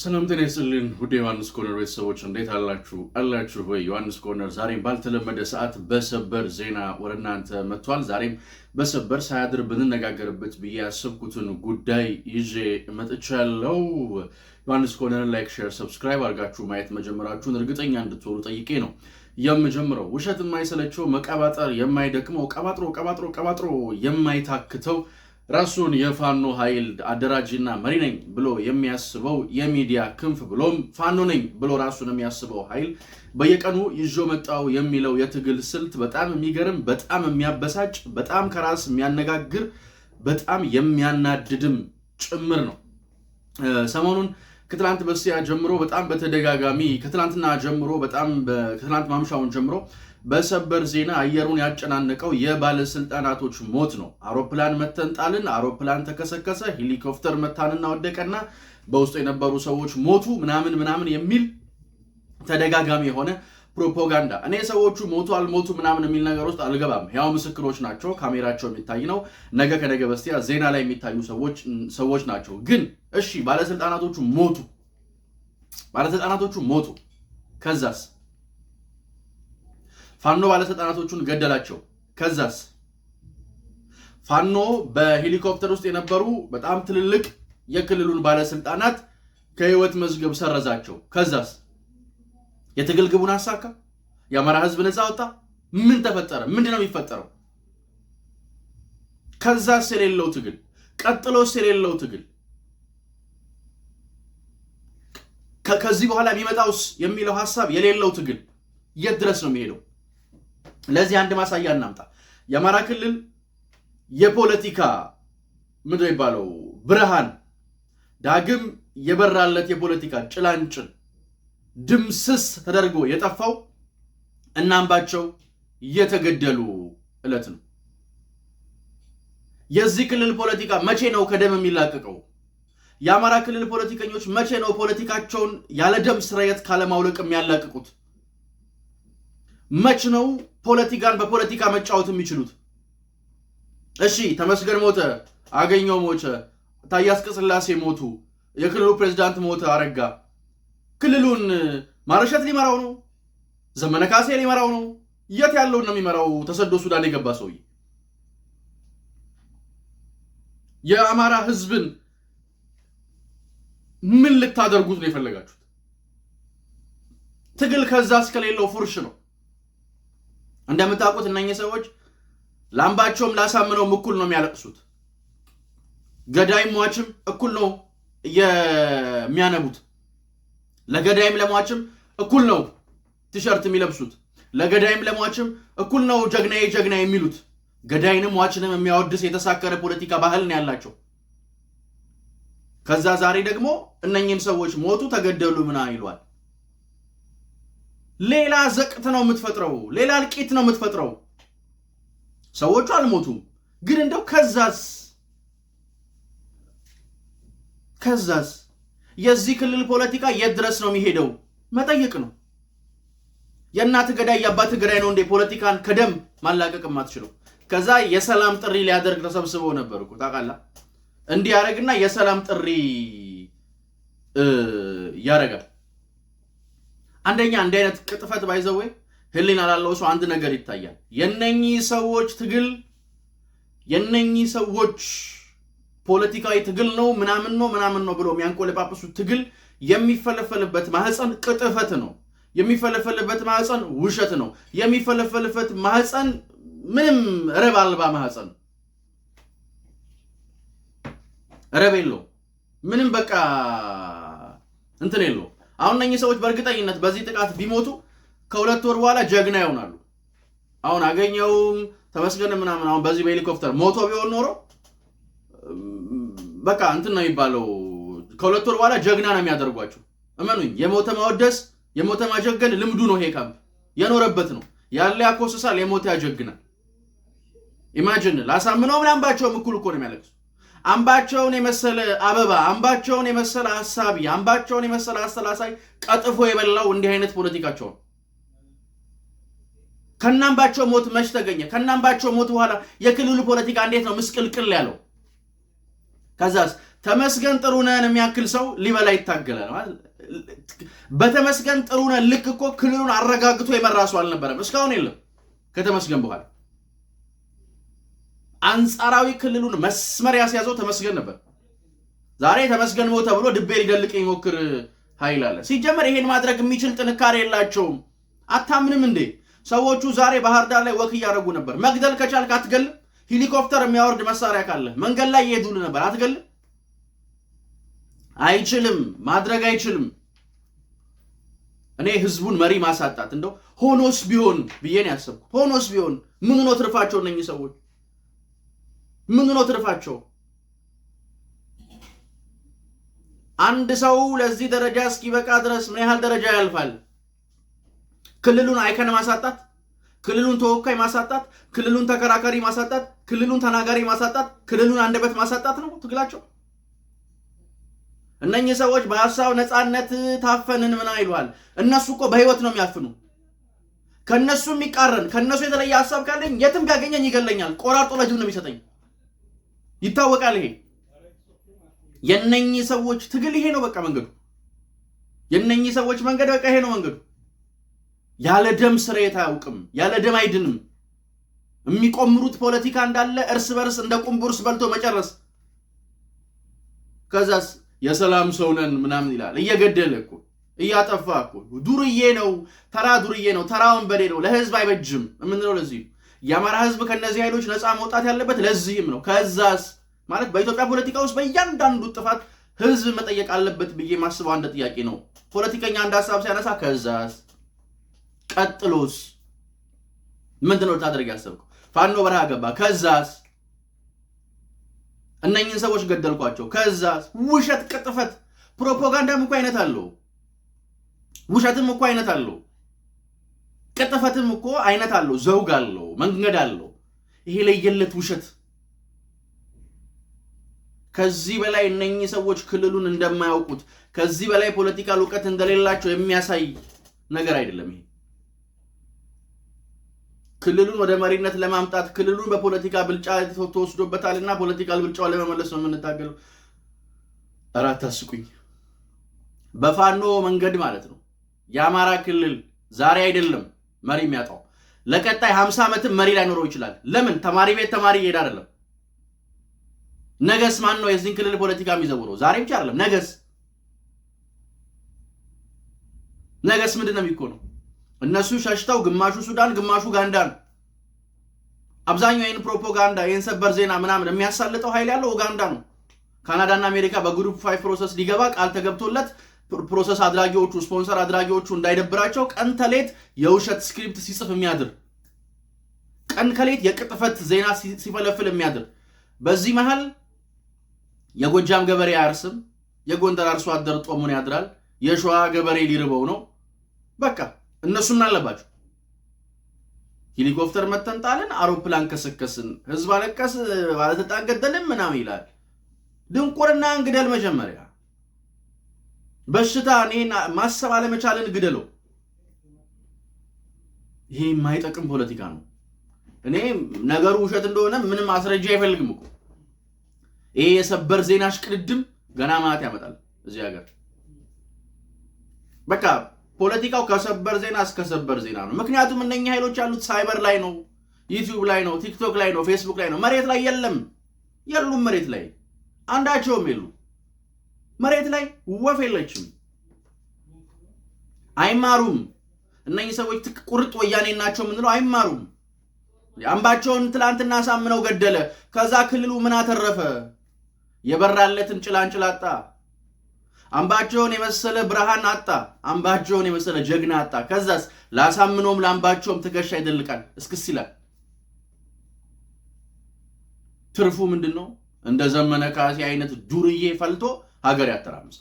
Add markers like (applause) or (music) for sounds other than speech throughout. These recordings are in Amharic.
ሰላም ጤና ይስጥልን ውድ ዮሐንስ ኮርነር ቤተሰቦች እንዴት አላችሁ? አላችሁ ወይ? ዮሐንስ ኮርነር ዛሬም ባልተለመደ ሰዓት በሰበር ዜና ወደ እናንተ መጥቷል። ዛሬም በሰበር ሳያድር ብንነጋገርበት ብዬ ያሰብኩትን ጉዳይ ይዤ መጥቻለሁ። ዮሐንስ ኮርነርን ላይክ፣ ሼር፣ ሰብስክራይብ አድርጋችሁ ማየት መጀመራችሁን እርግጠኛ እንድትሆኑ ጠይቄ ነው የምጀምረው። ውሸት የማይሰለቸው መቀባጠር የማይደክመው ቀባጥሮ ቀባጥሮ ቀባጥሮ የማይታክተው ራሱን የፋኖ ኃይል አደራጅና መሪ ነኝ ብሎ የሚያስበው የሚዲያ ክንፍ ብሎም ፋኖ ነኝ ብሎ ራሱን የሚያስበው ኃይል በየቀኑ ይዞ መጣው የሚለው የትግል ስልት በጣም የሚገርም፣ በጣም የሚያበሳጭ፣ በጣም ከራስ የሚያነጋግር፣ በጣም የሚያናድድም ጭምር ነው። ሰሞኑን ከትላንት በስቲያ ጀምሮ በጣም በተደጋጋሚ ከትላንትና ጀምሮ በጣም ከትላንት ማምሻውን ጀምሮ በሰበር ዜና አየሩን ያጨናነቀው የባለስልጣናቶች ሞት ነው። አውሮፕላን መተንጣልን፣ አውሮፕላን ተከሰከሰ፣ ሄሊኮፕተር መታንና ወደቀና በውስጡ የነበሩ ሰዎች ሞቱ ምናምን ምናምን የሚል ተደጋጋሚ የሆነ ፕሮፓጋንዳ። እኔ ሰዎቹ ሞቱ አልሞቱ ምናምን የሚል ነገር ውስጥ አልገባም። ያው ምስክሮች ናቸው፣ ካሜራቸው የሚታይ ነው። ነገ ከነገ በስቲያ ዜና ላይ የሚታዩ ሰዎች ናቸው። ግን እሺ ባለስልጣናቶቹ ሞቱ፣ ባለስልጣናቶቹ ሞቱ፣ ከዛስ ፋኖ ባለስልጣናቶቹን ገደላቸው። ከዛስ ፋኖ በሄሊኮፕተር ውስጥ የነበሩ በጣም ትልልቅ የክልሉን ባለስልጣናት ከህይወት መዝገብ ሰረዛቸው። ከዛስ የትግል ግቡን አሳካ? የአማራ ህዝብ ነፃ ወጣ? ምን ተፈጠረ? ምንድን ነው የሚፈጠረው? ከዛስ የሌለው ትግል ቀጥሎስ የሌለው ትግል ከዚህ በኋላ የሚመጣውስ የሚለው ሀሳብ የሌለው ትግል የት ድረስ ነው የሚሄደው? ለዚህ አንድ ማሳያ እናምጣ። የአማራ ክልል የፖለቲካ ምንድን የሚባለው ብርሃን ዳግም የበራለት የፖለቲካ ጭላንጭል ድምስስ ተደርጎ የጠፋው እናምባቸው እየተገደሉ የተገደሉ ዕለት ነው። የዚህ ክልል ፖለቲካ መቼ ነው ከደም የሚላቀቀው? የአማራ ክልል ፖለቲከኞች መቼ ነው ፖለቲካቸውን ያለ ደም ስርየት ካለማውለቅ የሚያላቅቁት? መች ነው ፖለቲካን በፖለቲካ መጫወት የሚችሉት? እሺ ተመስገን ሞተ፣ አገኘው ሞተ፣ ታዬ አጽቀሥላሴ ሞቱ፣ የክልሉ ፕሬዝዳንት ሞተ፣ አረጋ ክልሉን ማረሸት ሊመራው ነው፣ ዘመነ ካሴ ሊመራው ነው። የት ያለውን ነው የሚመራው? ተሰዶ ሱዳን የገባ ሰውዬ የአማራ ህዝብን ምን ልታደርጉት ነው የፈለጋችሁት? ትግል ከዛ እስከሌለው ፉርሽ ነው። እንደምታውቁት እነኚህ ሰዎች ላምባቸውም ላሳምነውም እኩል ነው የሚያለቅሱት። ገዳይም ሟችም እኩል ነው የሚያነቡት። ለገዳይም ለሟችም እኩል ነው ቲሸርት የሚለብሱት። ለገዳይም ለሟችም እኩል ነው ጀግናዬ ጀግና የሚሉት። ገዳይንም ሟችንም የሚያወድስ የተሳከረ ፖለቲካ ባህል ነው ያላቸው። ከዛ ዛሬ ደግሞ እነኚህን ሰዎች ሞቱ፣ ተገደሉ ምና ይሏል። ሌላ ዘቅት ነው የምትፈጥረው፣ ሌላ እልቂት ነው የምትፈጥረው። ሰዎቹ አልሞቱም፣ ግን እንደው ከዛስ ከዛስ የዚህ ክልል ፖለቲካ የት ድረስ ነው የሚሄደው? መጠየቅ ነው። የእናት ገዳይ የአባት ገዳይ ነው እንዴ ፖለቲካን ከደም ማላቀቅ የማትችለው? ከዛ የሰላም ጥሪ ሊያደርግ ተሰብስበው ነበር እኮ ታውቃለህ። እንዲህ የሰላም ጥሪ ያደርጋል። አንደኛ እንዲህ አይነት ቅጥፈት ባይዘው ህሊና ላለው ሰው አንድ ነገር ይታያል። የነኚህ ሰዎች ትግል የነኚህ ሰዎች ፖለቲካዊ ትግል ነው ምናምን ነው ምናምን ነው ብሎ የሚያንቆለጳጵሱት ትግል የሚፈለፈልበት ማህፀን ቅጥፈት ነው። የሚፈለፈልበት ማህፀን ውሸት ነው። የሚፈለፈልበት ማህፀን ምንም ረብ አልባ ማህፀን ረብ የለው ምንም በቃ እንትን የለው አሁን እነኚህ ሰዎች በእርግጠኝነት በዚህ ጥቃት ቢሞቱ ከሁለት ወር በኋላ ጀግና ይሆናሉ። አሁን አገኘውም ተመስገን ምናምን አሁን በዚህ በሄሊኮፕተር ሞቶ ቢሆን ኖሮ በቃ እንትን ነው የሚባለው። ከሁለት ወር በኋላ ጀግና ነው የሚያደርጓቸው። እመኑኝ፣ የሞተ ማወደስ የሞተ ማጀገን ልምዱ ነው። ይሄ ካምፕ የኖረበት ነው ያለ ያኮስሳል፣ የሞተ ያጀግናል። ኢማጅን ላሳምነው ምናምን ባቸውም እኩል እኮ ነው የሚያለቅሱ አምባቸውን የመሰለ አበባ፣ አምባቸውን የመሰለ ሀሳቢ፣ አምባቸውን የመሰለ አሰላሳይ ቀጥፎ የበላው እንዲህ አይነት ፖለቲካቸው ነው። ከናምባቸው ሞት መች ተገኘ? ከናምባቸው ሞት በኋላ የክልሉ ፖለቲካ እንዴት ነው ምስቅልቅል ያለው? ከዛስ ተመስገን ጥሩነህን የሚያክል ሰው ሊበላ ይታገላል። በተመስገን ጥሩነህ ልክ እኮ ክልሉን አረጋግቶ የመራ ሰው አልነበረም። እስካሁን የለም ከተመስገን በኋላ አንጻራዊ ክልሉን መስመር ያስያዘው ተመስገን ነበር። ዛሬ ተመስገን ሞተ ተብሎ ድቤ ሊደልቅ የሚሞክር ኃይል አለ። ሲጀመር ይሄን ማድረግ የሚችል ጥንካሬ የላቸውም። አታምንም እንዴ? ሰዎቹ ዛሬ ባህር ዳር ላይ ወክ እያደረጉ ነበር። መግደል ከቻልክ አትገልም? ሄሊኮፕተር የሚያወርድ መሳሪያ ካለ መንገድ ላይ እየሄዱን ነበር። አትገልም? አይችልም፣ ማድረግ አይችልም። እኔ ህዝቡን መሪ ማሳጣት እንደው ሆኖስ ቢሆን ብዬን ያሰብኩት። ሆኖስ ቢሆን ምኑ ነው ትርፋቸው እነኚህ ሰዎች? ምን ነው ትርፋቸው? አንድ ሰው ለዚህ ደረጃ እስኪበቃ ድረስ ምን ያህል ደረጃ ያልፋል? ክልሉን አይከን ማሳጣት፣ ክልሉን ተወካይ ማሳጣት፣ ክልሉን ተከራካሪ ማሳጣት፣ ክልሉን ተናጋሪ ማሳጣት፣ ክልሉን አንደበት ማሳጣት ነው ትግላቸው። እነኚህ ሰዎች በሀሳብ ነፃነት ታፈንን ምን ይሏል። እነሱ እኮ በህይወት ነው የሚያፍኑ። ከእነሱ የሚቃረን ከእነሱ የተለየ ሀሳብ ካለኝ የትም ቢያገኘኝ ይገለኛል። ቆራርጦ ለጅብ ነው የሚሰጠኝ። ይታወቃል። ይሄ የነኚህ ሰዎች ትግል ይሄ ነው በቃ መንገዱ። የነኚህ ሰዎች መንገድ በቃ ይሄ ነው መንገዱ። ያለ ደም ስርየት አያውቅም፣ ያለ ደም አይድንም። የሚቆምሩት ፖለቲካ እንዳለ እርስ በርስ እንደ ቁምቡርስ በልቶ መጨረስ። ከዛስ የሰላም ሰው ነን ምናምን ይላል። እየገደለ እኮ እያጠፋ እኮ ዱርዬ ነው፣ ተራ ዱርዬ ነው፣ ተራ ወንበዴ ነው፣ ለህዝብ አይበጅም የምንለው ለዚህ የአማራ ህዝብ ከነዚህ ኃይሎች ነፃ መውጣት ያለበት ለዚህም ነው። ከዛስ ማለት በኢትዮጵያ ፖለቲካ ውስጥ በእያንዳንዱ ጥፋት ህዝብ መጠየቅ አለበት ብዬ ማስበው አንድ ጥያቄ ነው። ፖለቲከኛ አንድ ሀሳብ ሲያነሳ ከዛስ ቀጥሎስ ምንድን ነው ልታደርግ ያሰብከው? ፋኖ በረሃ ገባ፣ ከዛስ እነኝን ሰዎች ገደልኳቸው፣ ከዛስ ውሸት፣ ቅጥፈት፣ ፕሮፓጋንዳም እኮ አይነት አለው። ውሸትም እኮ አይነት አለው። ቀጠፈትም እኮ አይነት አለው፣ ዘውግ አለው፣ መንገድ አለው። ይሄ ለየለት ውሸት ከዚህ በላይ እነኚህ ሰዎች ክልሉን እንደማያውቁት ከዚህ በላይ ፖለቲካል እውቀት እንደሌላቸው የሚያሳይ ነገር አይደለም። ይሄ ክልሉን ወደ መሪነት ለማምጣት ክልሉን በፖለቲካ ብልጫ ተወስዶበታል እና ፖለቲካል ብልጫው ለመመለስ ነው የምንታገለው። እራት ታስቁኝ። በፋኖ መንገድ ማለት ነው የአማራ ክልል ዛሬ አይደለም መሪ የሚያጣው ለቀጣይ 50 ዓመትም መሪ ላይኖረው ይችላል። ለምን ተማሪ ቤት ተማሪ እየሄደ አይደለም። ነገስ ማን ነው የዚህን ክልል ፖለቲካ የሚዘውረው? ዛሬ ብቻ አይደለም፣ ነገስ ነገስ ምንድን ነው የሚኮነው? እነሱ ሸሽተው ግማሹ ሱዳን፣ ግማሹ ጋንዳን። አብዛኛው ይህን ፕሮፓጋንዳ ይህን ሰበር ዜና ምናምን የሚያሳልጠው ኃይል ያለው ኡጋንዳ ነው። ካናዳና አሜሪካ በግሩፕ ፋይቭ ፕሮሰስ ሊገባ ቃል ተገብቶለት ፕሮሰስ አድራጊዎቹ ስፖንሰር አድራጊዎቹ እንዳይደብራቸው ቀን ተሌት የውሸት ስክሪፕት ሲጽፍ የሚያድር ቀን ከሌት የቅጥፈት ዜና ሲፈለፍል የሚያድር በዚህ መሃል የጎጃም ገበሬ አያርስም፣ የጎንደር አርሶ አደር ጦሙን ያድራል፣ የሸዋ ገበሬ ሊርበው ነው። በቃ እነሱ ምን አለባቸው? ሄሊኮፕተር መተን ጣልን፣ አውሮፕላን ከሰከስን፣ ህዝብ አለቀስ፣ ባለስልጣን ገደልን ምናምን ይላል። ድንቁርና እንግደል መጀመሪያ በሽታ እኔ ማሰብ አለመቻልን ግደለው። ይሄ የማይጠቅም ፖለቲካ ነው። እኔ ነገሩ ውሸት እንደሆነ ምንም ማስረጃ አይፈልግም እኮ ይሄ የሰበር ዜና ሽቅድድም ገና ማት ያመጣል እዚህ ሀገር። በቃ ፖለቲካው ከሰበር ዜና እስከ ሰበር ዜና ነው። ምክንያቱም እነኛ ኃይሎች ያሉት ሳይበር ላይ ነው፣ ዩቲዩብ ላይ ነው፣ ቲክቶክ ላይ ነው፣ ፌስቡክ ላይ ነው። መሬት ላይ የለም፣ የሉም። መሬት ላይ አንዳቸውም የሉ መሬት ላይ ወፍ የለችም። አይማሩም። እነኚህ ሰዎች ቁርጥ ወያኔ ናቸው የምንለው አይማሩም። አምባቸውን ትላንትና አሳምነው ገደለ። ከዛ ክልሉ ምን አተረፈ? የበራለትን ጭላንጭል አጣ። አምባቸውን የመሰለ ብርሃን አጣ። አምባቸውን የመሰለ ጀግና አጣ። ከዛስ ላሳምኖም ለአምባቸውም ትከሻ ይደልቃል፣ እስክስ ይላል። ትርፉ ምንድን ነው? እንደ ዘመነ ካሴ አይነት ዱርዬ ፈልቶ ሀገር ያተራምሰ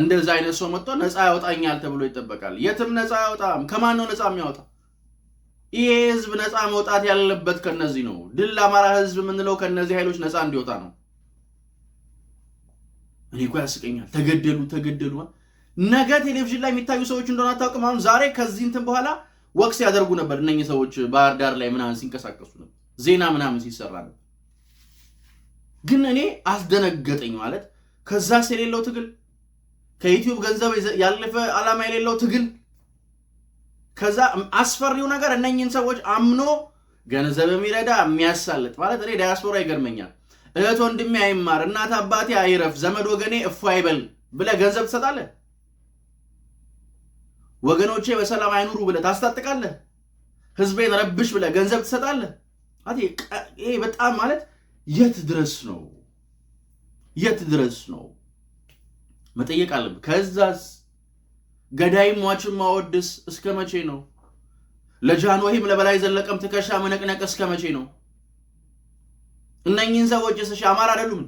እንደዚህ አይነት ሰው መጥቶ ነፃ ያወጣኛል ተብሎ ይጠበቃል። የትም ነፃ ያወጣም። ከማን ነው ነፃ የሚያወጣ? ይሄ ህዝብ ነፃ መውጣት ያለበት ከነዚህ ነው። ድል ለአማራ ህዝብ የምንለው ከነዚህ ኃይሎች ነፃ እንዲወጣ ነው። እኔ እኮ ያስቀኛል። ተገደሉ ተገደሉ። ነገ ቴሌቪዥን ላይ የሚታዩ ሰዎች እንደሆነ አታውቅም። አሁን ዛሬ ከዚህ እንትን በኋላ ወቅስ ያደርጉ ነበር እነኚህ ሰዎች ባህር ዳር ላይ ምናምን ሲንቀሳቀሱ ነበር፣ ዜና ምናምን ሲሰራ ነበር። ግን እኔ አስደነገጠኝ ማለት ከዛስ የሌለው ትግል ከዩቲዩብ ገንዘብ ያለፈ ዓላማ የሌለው ትግል ከዛ አስፈሪው ነገር እነኝን ሰዎች አምኖ ገንዘብ የሚረዳ የሚያሳልጥ ማለት እኔ ዳያስፖራ ይገርመኛል። እህት ወንድሜ አይማር፣ እናት አባቴ አይረፍ፣ ዘመድ ወገኔ እፎ አይበል ብለህ ገንዘብ ትሰጣለህ? ወገኖቼ በሰላም አይኑሩ ብለህ ታስታጥቃለህ? ህዝቤን ረብሽ ብለህ ገንዘብ ትሰጣለህ? ይሄ በጣም ማለት የት ድረስ ነው? የት ድረስ ነው መጠየቅ አለብን። ከዛስ ገዳይ ሟችን ማወደስ እስከ መቼ ነው? ለጃንሆይም ለበላይ ዘለቀም ትከሻ መነቅነቅ እስከ መቼ ነው? እነኝህን ሰዎች ስሽ አማራ አይደሉም።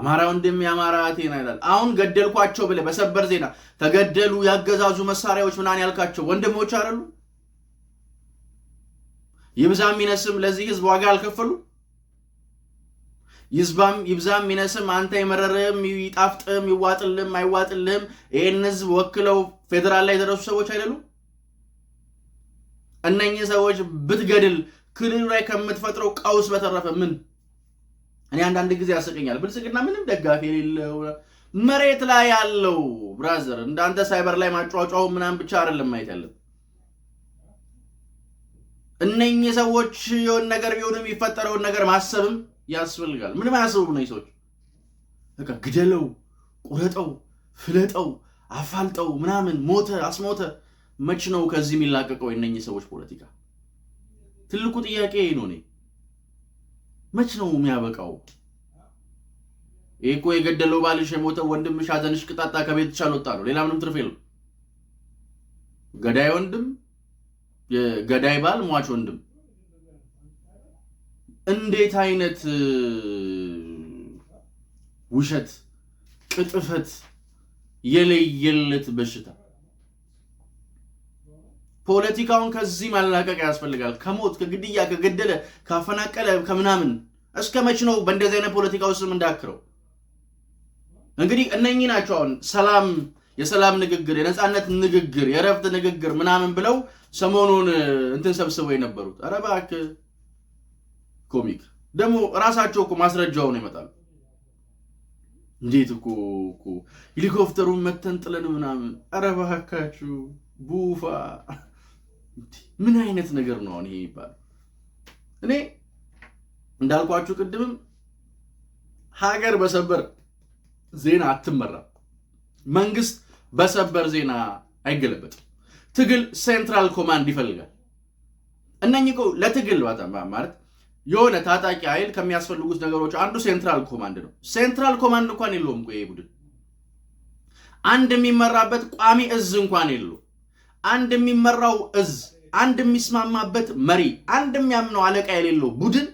አማራ ወንድም የአማራ አቴና ይላል። አሁን ገደልኳቸው ብለህ በሰበር ዜና ተገደሉ ያገዛዙ መሳሪያዎች ምናን ያልካቸው ወንድሞች አይደሉም። ይብዛም ይነስም ለዚህ ህዝብ ዋጋ አልከፈሉ። ይዝባም ይብዛም ይነስም አንተ የመረረም ይጣፍጥም ይዋጥልም አይዋጥልም ይህን ህዝብ ወክለው ፌዴራል ላይ የደረሱ ሰዎች አይደሉም። እነኚህ ሰዎች ብትገድል ክልሉ ላይ ከምትፈጥረው ቀውስ በተረፈ ምን? እኔ አንዳንድ ጊዜ ያስቀኛል። ብልጽግና ምንም ደጋፊ የሌለው መሬት ላይ ያለው ብራዘር እንዳንተ ሳይበር ላይ ማጫጫው ምናምን ብቻ አይደለም ማየት ያለብን እነኚህ ሰዎች የሆን ነገር ቢሆኑ የሚፈጠረውን ነገር ማሰብም ያስፈልጋል። ምንም አያስቡም ነው ሰዎች በቃ ግደለው፣ ቁረጠው፣ ፍለጠው፣ አፋልጠው ምናምን ሞተ፣ አስሞተ። መች ነው ከዚህ የሚላቀቀው የእነኚህ ሰዎች ፖለቲካ? ትልቁ ጥያቄ ነው። እኔ መች ነው የሚያበቃው? ይህ እኮ የገደለው ባልሽ፣ የሞተው ወንድምሽ፣ ሐዘንሽ ቅጣጣ ከቤትሽ አልወጣ ነው። ሌላ ምንም ትርፍ የለም። ገዳይ ወንድም የገዳይ ባል ሟች ወንድም እንዴት አይነት ውሸት ቅጥፈት የለየለት በሽታ ፖለቲካውን ከዚህ ማላቀቅ ያስፈልጋል ከሞት ከግድያ ከገደለ ካፈናቀለ ከምናምን እስከ መች ነው በእንደዚህ አይነት ፖለቲካ ውስጥ እንዳክረው እንግዲህ እነኚህ ናቸው አሁን ሰላም የሰላም ንግግር የነፃነት ንግግር የእረፍት ንግግር ምናምን ብለው ሰሞኑን እንትን ሰብስበው የነበሩት ኧረ እባክህ ኮሚክ ደግሞ ራሳቸው እኮ ማስረጃውን ይመጣሉ። እንዴት እኮ እኮ ሄሊኮፕተሩን መተን ጥለን ምናምን ኧረ እባካችሁ ቡፋ ምን አይነት ነገር ነው አሁን ይሄ ይባላል። እኔ እንዳልኳችሁ ቅድምም ሀገር በሰበር ዜና አትመራም። መንግስት በሰበር ዜና አይገለበጥም። ትግል ሴንትራል ኮማንድ ይፈልጋል። እነኚህ ለትግል ማለት የሆነ ታጣቂ ኃይል ከሚያስፈልጉት ነገሮች አንዱ ሴንትራል ኮማንድ ነው። ሴንትራል ኮማንድ እንኳን የለውም እኮ ይሄ ቡድን አንድ የሚመራበት ቋሚ እዝ እንኳን የለው። አንድ የሚመራው እዝ፣ አንድ የሚስማማበት መሪ፣ አንድ የሚያምነው አለቃ የሌለው ቡድን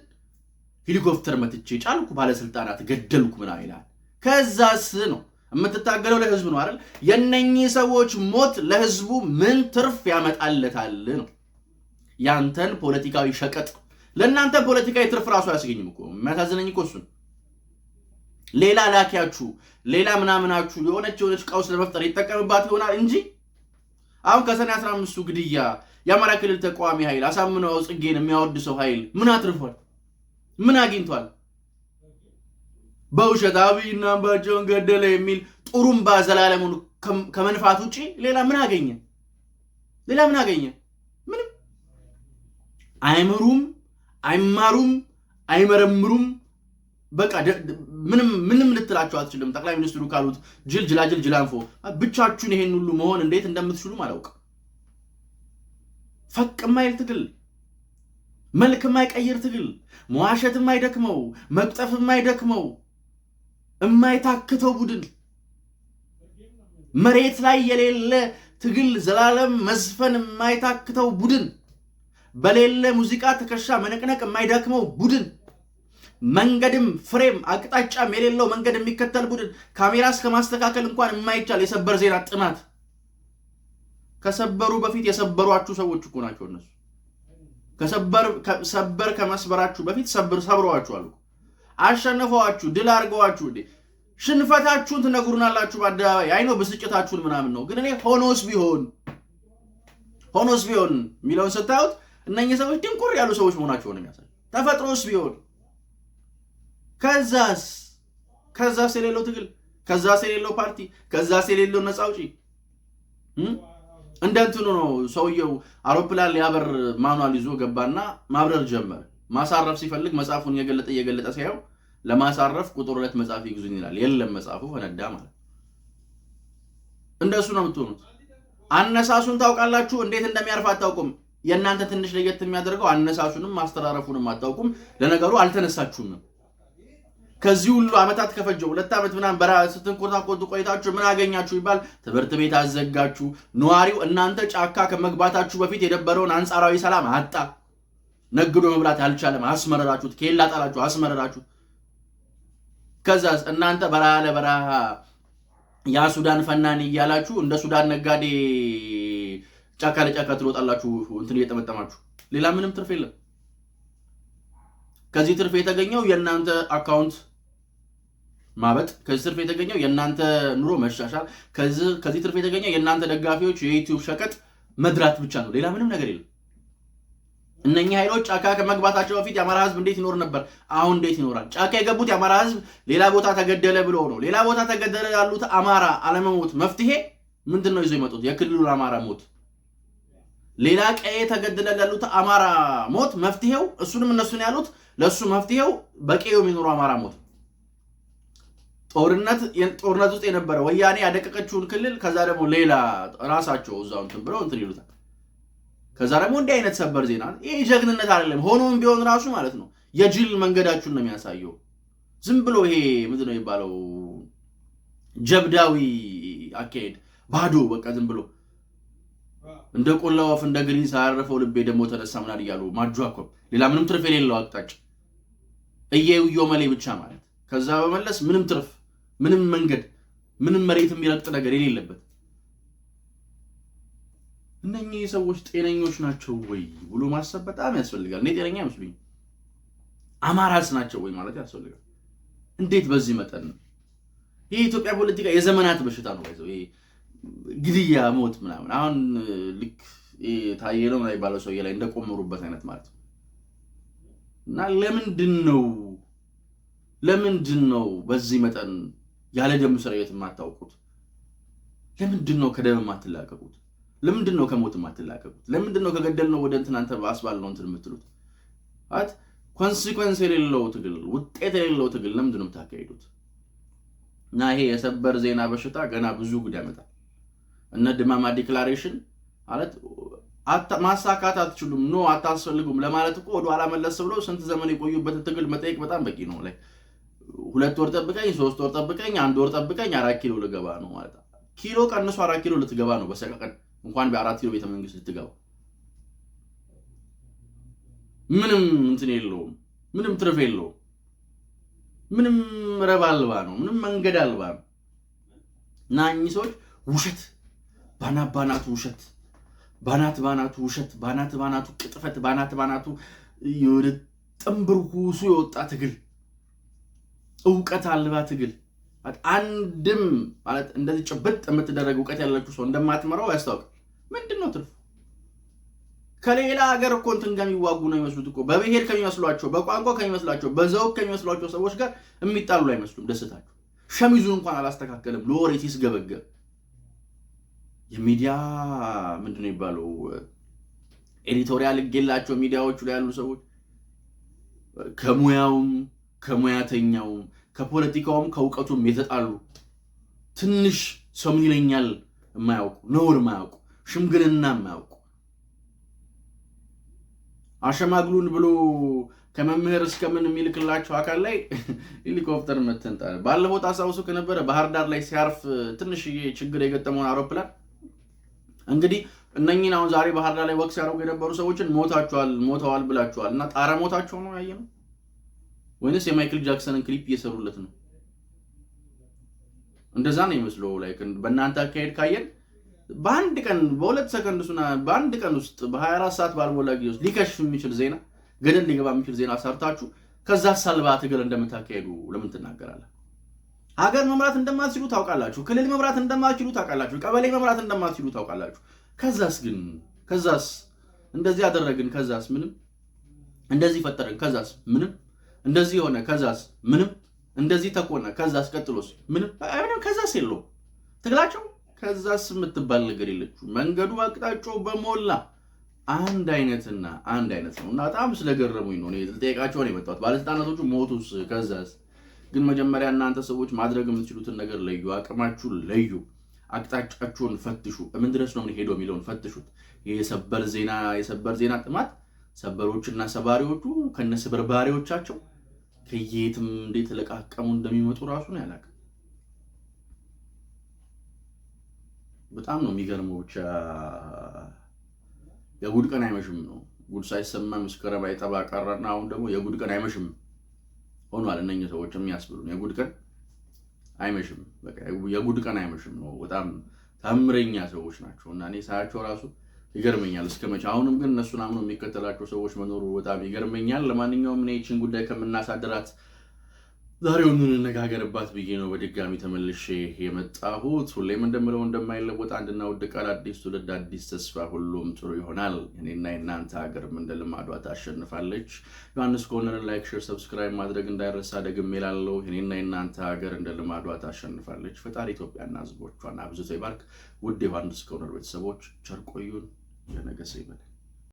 ሄሊኮፕተር መትቼ ጫልኩ፣ ባለስልጣናት ገደልኩ ምናምን ይላል። ከዛስ ነው የምትታገለው ለህዝብ ነው አይደል? የነኚህ ሰዎች ሞት ለህዝቡ ምን ትርፍ ያመጣለታል ነው። ያንተን ፖለቲካዊ ሸቀጥ ለእናንተ ፖለቲካዊ ትርፍ ራሱ አያስገኝም እኮ የሚያሳዝነኝ እኮ እሱን ሌላ ላኪያችሁ ሌላ ምናምናችሁ የሆነች የሆነች ቀውስ ለመፍጠር ይጠቀምባት ይሆናል እንጂ አሁን ከሰኔ 15 አምስቱ ግድያ የአማራ ክልል ተቃዋሚ ኃይል አሳምነው ጽጌን የሚያወድሰው ኃይል ምን አትርፏል? ምን አግኝቷል? በውሸት አብይና አምባቸውን ገደለ የሚል ጥሩምባ ዘላለሙን ከመንፋት ውጭ ሌላ ምን አገኘ? ሌላ ምን አገኘ? ምንም። አይምሩም፣ አይማሩም፣ አይመረምሩም። በቃ ምንም ምንም ልትላቸው አትችልም። ጠቅላይ ሚኒስትሩ ካሉት ጅል ጅላጅል ጅላንፎ ብቻችሁን ይሄን ሁሉ መሆን እንዴት እንደምትችሉም አላውቅም። ፈቅ ማይል ትግል፣ መልክ የማይቀይር ትግል፣ መዋሸት የማይደክመው፣ መቅጠፍ የማይደክመው የማይታክተው ቡድን መሬት ላይ የሌለ ትግል ዘላለም መዝፈን የማይታክተው ቡድን በሌለ ሙዚቃ ትከሻ መነቅነቅ የማይዳክመው ቡድን መንገድም ፍሬም አቅጣጫም የሌለው መንገድ የሚከተል ቡድን ካሜራ እስከ ማስተካከል እንኳን የማይቻል የሰበር ዜና ጥናት ከሰበሩ በፊት የሰበሯችሁ ሰዎች እኮ ናቸው እነሱ። ሰበር ከመስበራችሁ በፊት ሰብረዋችኋል። አሸንፈዋችሁ ድል አድርገዋችሁ። እንዴ ሽንፈታችሁን ትነግሩናላችሁ በአደባባይ። አይ ነው ብስጭታችሁን ምናምን ነው። ግን እኔ ሆኖስ ቢሆን ሆኖስ ቢሆን የሚለውን ስታዩት እነኚህ ሰዎች ድንቁር ያሉ ሰዎች መሆናቸውን የሚያሳይ ተፈጥሮስ ቢሆን ከዛስ ከዛስ የሌለው ትግል ከዛስ የሌለው ፓርቲ ከዛስ የሌለው ነፃ አውጪ እንደንትኑ ነው። ሰውየው አውሮፕላን ሊያበር ማኗል ይዞ ገባና ማብረር ጀመረ። ማሳረፍ ሲፈልግ መጽሐፉን እየገለጠ እየገለጠ ሲያየው ለማሳረፍ ቁጥር ሁለት መጽሐፍ ይግዙኝ ይላል። የለም መጽሐፉ ፈነዳ ማለት እንደሱ ነው የምትሆኑት። አነሳሱን ታውቃላችሁ፣ እንዴት እንደሚያርፍ አታውቁም። የእናንተ ትንሽ ለየት የሚያደርገው አነሳሱንም ማስተራረፉንም አታውቁም። ለነገሩ አልተነሳችሁም። ከዚህ ሁሉ ዓመታት ከፈጀው ሁለት ዓመት ምናምን በረሃ ስትንኮታኮቱ ቆይታችሁ ምን አገኛችሁ ይባል? ትምህርት ቤት አዘጋችሁ። ነዋሪው እናንተ ጫካ ከመግባታችሁ በፊት የነበረውን አንጻራዊ ሰላም አጣ። ነግዶ መብላት አልቻለም። አስመረራችሁት፣ ኬላ ጣላችሁ፣ አስመረራችሁት። ከዛ እናንተ በረሃ ለበረሃ ያ ሱዳን ፈናኔ እያላችሁ እንደ ሱዳን ነጋዴ ጫካ ለጫካ ትሮጣላችሁ፣ እንትን እየጠመጠማችሁ። ሌላ ምንም ትርፍ የለም። ከዚህ ትርፍ የተገኘው የእናንተ አካውንት ማበጥ፣ ከዚህ ትርፍ የተገኘው የእናንተ ኑሮ መሻሻል፣ ከዚህ ትርፍ የተገኘው የእናንተ ደጋፊዎች የዩቲዩብ ሸቀጥ መድራት ብቻ ነው። ሌላ ምንም ነገር የለም። እነኚህ ኃይሎች ጫካ ከመግባታቸው በፊት የአማራ ህዝብ እንዴት ይኖር ነበር? አሁን እንዴት ይኖራል? ጫካ የገቡት የአማራ ህዝብ ሌላ ቦታ ተገደለ ብሎ ነው። ሌላ ቦታ ተገደለ ያሉት አማራ አለመሞት መፍትሄ ምንድን ነው? ይዞ የመጡት የክልሉን አማራ ሞት፣ ሌላ ቀዬ ተገደለ ያሉት አማራ ሞት መፍትሄው፣ እሱንም እነሱን ያሉት ለእሱ መፍትሄው በቀዬው የሚኖሩ አማራ ሞት። ጦርነት ጦርነት ውስጥ የነበረ ወያኔ ያደቀቀችውን ክልል ከዛ ደግሞ ሌላ ራሳቸው እዛው እንትን ብለው እንትን ይሉታል ከዛ ደግሞ እንዲህ አይነት ሰበር ዜና ይሄ ጀግንነት አይደለም። ሆኖም ቢሆን ራሱ ማለት ነው የጅል መንገዳችሁን ነው የሚያሳየው። ዝም ብሎ ይሄ ምንድን ነው የሚባለው ጀብዳዊ አካሄድ ባዶ በቃ ዝም ብሎ እንደ ቆላ ወፍ እንደ ግሪን ሳያረፈው ልቤ ደግሞ ተነሳ ምናምን እያሉ ማጇኮብ ሌላ ምንም ትርፍ የሌለው አቅጣጫ እየውዮ መሌ ብቻ ማለት ከዛ በመለስ ምንም ትርፍ ምንም መንገድ ምንም መሬት የሚረግጥ ነገር የሌለበት እነኚህ ሰዎች ጤነኞች ናቸው ወይ ብሎ ማሰብ በጣም ያስፈልጋል። እኔ ጤነኛ አይመስሉኝም። አማራስ ናቸው ወይ ማለት ያስፈልጋል። እንዴት በዚህ መጠን ነው? ይህ የኢትዮጵያ ፖለቲካ የዘመናት በሽታ ነው። ይዘው ግድያ፣ ሞት ምናምን አሁን ልክ ታየ ነው ላይ ባለው ሰውዬ ላይ እንደቆመሩበት አይነት ማለት ነው እና ለምንድን ነው ለምንድን ነው በዚህ መጠን ያለ ደም ስርየት የማታውቁት? ለምንድን ነው ከደም የማትላቀቁት? ለምንድን ነው ከሞት የማትላቀቁት? ለምንድን ነው ከገደል ነው ወደ እንትን አንተ አስባል ነው እንትን የምትሉት? አት ኮንሲኩዌንስ የሌለው ትግል፣ ውጤት የሌለው ትግል ለምንድን ነው የምታካሂዱት? እና ይሄ የሰበር ዜና በሽታ ገና ብዙ ጉድ ያመጣል። እነ ድማማ ዲክላሬሽን ማለት ማሳካት አትችሉም፣ ኖ አታስፈልጉም ለማለት እኮ ኋላ መለስ ብለው ስንት ዘመን የቆዩበትን ትግል መጠየቅ በጣም በቂ ነው። ላይ ሁለት ወር ጠብቀኝ፣ ሶስት ወር ጠብቀኝ፣ አንድ ወር ጠብቀኝ፣ አራት ኪሎ ልገባ ነው ማለት ኪሎ ቀንሶ አራት ኪሎ ልትገባ ነው በሰቀቀን እንኳን በአራት ኪሎ ቤተ መንግስት ልትገባ ምንም እንትን የለውም። ምንም ትርፍ የለውም። ምንም ረብ አልባ ነው። ምንም መንገድ አልባ ነው። እና እኚህ ሰዎች ውሸት ባናት ባናቱ ውሸት ባናት ባናቱ ውሸት ባናት ባናቱ ቅጥፈት ባናት ባናቱ የወደ ጥንብር ሁሱ የወጣ ትግል እውቀት አልባ ትግል አንድም ማለት እንደዚህ ጭብጥ የምትደረግ እውቀት ያለችው ሰው እንደማትመራው ያስታውቅ። ምንድን ነው ትርፉ? ከሌላ ሀገር እኮ እንትን የሚዋጉ ነው የሚመስሉት እኮ በብሔር ከሚመስሏቸው፣ በቋንቋ ከሚመስሏቸው፣ በዘውግ ከሚመስሏቸው ሰዎች ጋር የሚጣሉ አይመስሉም። ደስታቸው ሸሚዙን እንኳን አላስተካከልም፣ ለወሬ ሲስገበገብ የሚዲያ ምንድን ነው የሚባለው ኤዲቶሪያል እጌላቸው ሚዲያዎቹ ላይ ያሉ ሰዎች ከሙያውም ከሙያተኛውም ከፖለቲካውም ከእውቀቱም የተጣሉ ትንሽ ሰሙን ይለኛል የማያውቁ ነውር የማያውቁ ሽምግልና የማያውቁ አሸማግሉን ብሎ ከመምህር እስከምን የሚልክላቸው አካል ላይ (laughs) ሄሊኮፕተር መተንጣል። ባለፈው ታስታውሱ ከነበረ ባህር ዳር ላይ ሲያርፍ ትንሽዬ ችግር የገጠመውን አውሮፕላን እንግዲህ እነኝን አሁን ዛሬ ባህር ዳር ላይ ወቅት ሲያደርጉ የነበሩ ሰዎችን ሞታችኋል፣ ሞተዋል ብላችኋል እና ጣረ ሞታቸው ነው ያየ ነው ወይንስ የማይክል ጃክሰንን ክሊፕ እየሰሩለት ነው? እንደዛ ነው ይመስለው። ላይክ በእናንተ አካሄድ ካየን በአንድ ቀን በሁለት ሰከንድ ሱና በአንድ ቀን ውስጥ በ24 ሰዓት ባልሞላ ጊዜ ውስጥ ሊከሽፍ የሚችል ዜና ገደል ሊገባ የሚችል ዜና ሰርታችሁ ከዛ ሳልባ ትግል እንደምታካሄዱ ለምን ትናገራለ? ሀገር መምራት እንደማትችሉ ታውቃላችሁ። ክልል መምራት እንደማትችሉ ታውቃላችሁ። ቀበሌ መምራት እንደማትችሉ ታውቃላችሁ። ከዛስ ግን ከዛስ እንደዚህ አደረግን፣ ከዛስ ምንም፣ እንደዚህ ፈጠርን፣ ከዛስ ምንም፣ እንደዚህ የሆነ፣ ከዛስ ምንም፣ እንደዚህ ተኮነ፣ ከዛስ ቀጥሎስ ምንም፣ ከዛስ የለውም ትግላቸው ከዛስ የምትባል ነገር የለችው። መንገዱ አቅጣጫው በሞላ አንድ አይነትና አንድ አይነት ነው እና በጣም ስለገረሙኝ ነው ልጠይቃቸውን የመጣሁት። ባለስልጣናቶቹ ሞቱስ ከዛስ? ግን መጀመሪያ እናንተ ሰዎች ማድረግ የምትችሉትን ነገር ለዩ፣ አቅማችሁን ለዩ፣ አቅጣጫችሁን ፈትሹ። ምን ድረስ ነው ምን ሄደው የሚለውን ፈትሹት። የሰበር ዜና የሰበር ዜና ጥማት ሰበሮችና ሰባሪዎቹ ከነስብርባሪዎቻቸው ከየትም እንዴት ለቃቀሙ እንደሚመጡ ራሱን ያላቀ በጣም ነው የሚገርመው። ብቻ የጉድ ቀን አይመሽም ነው ጉድ ሳይሰማ መስከረም አይጠባ ቀረና አሁን ደግሞ የጉድ ቀን አይመሽም ሆኗል። እነኝህ ሰዎች የሚያስብሉን የጉድ ቀን አይመሽም፣ በቃ የጉድ ቀን አይመሽም ነው። በጣም ታምረኛ ሰዎች ናቸው እና እኔ ሳያቸው ራሱ ይገርመኛል እስከ መቼ። አሁንም ግን እነሱን አምኖ የሚከተላቸው ሰዎች መኖሩ በጣም ይገርመኛል። ለማንኛውም እኔ ይህችን ጉዳይ ከምናሳድራት ዛሬውን እንነጋገርባት ብዬ ነው በድጋሚ ተመልሼ የመጣሁት። ሁሌም እንደምለው እንደማይለወጥ አንድና ውድ ቃል፣ አዲስ ትውልድ፣ አዲስ ተስፋ፣ ሁሉም ጥሩ ይሆናል። እኔና የእናንተ ሀገርም እንደ ልማዷ ታሸንፋለች። ዮሐንስ ኮርነርን ላይክ፣ ሼር፣ ሰብስክራይብ ማድረግ እንዳይረሳ። ደግሜ እላለሁ እኔና የእናንተ ሀገር እንደ ልማዷ ታሸንፋለች። ፈጣሪ ኢትዮጵያና ሕዝቦቿን አብዝቶ ይባርክ። ውድ ዮሐንስ ኮርነር ቤተሰቦች ቸርቆዩን ቆዩን። የነገ ይበለን።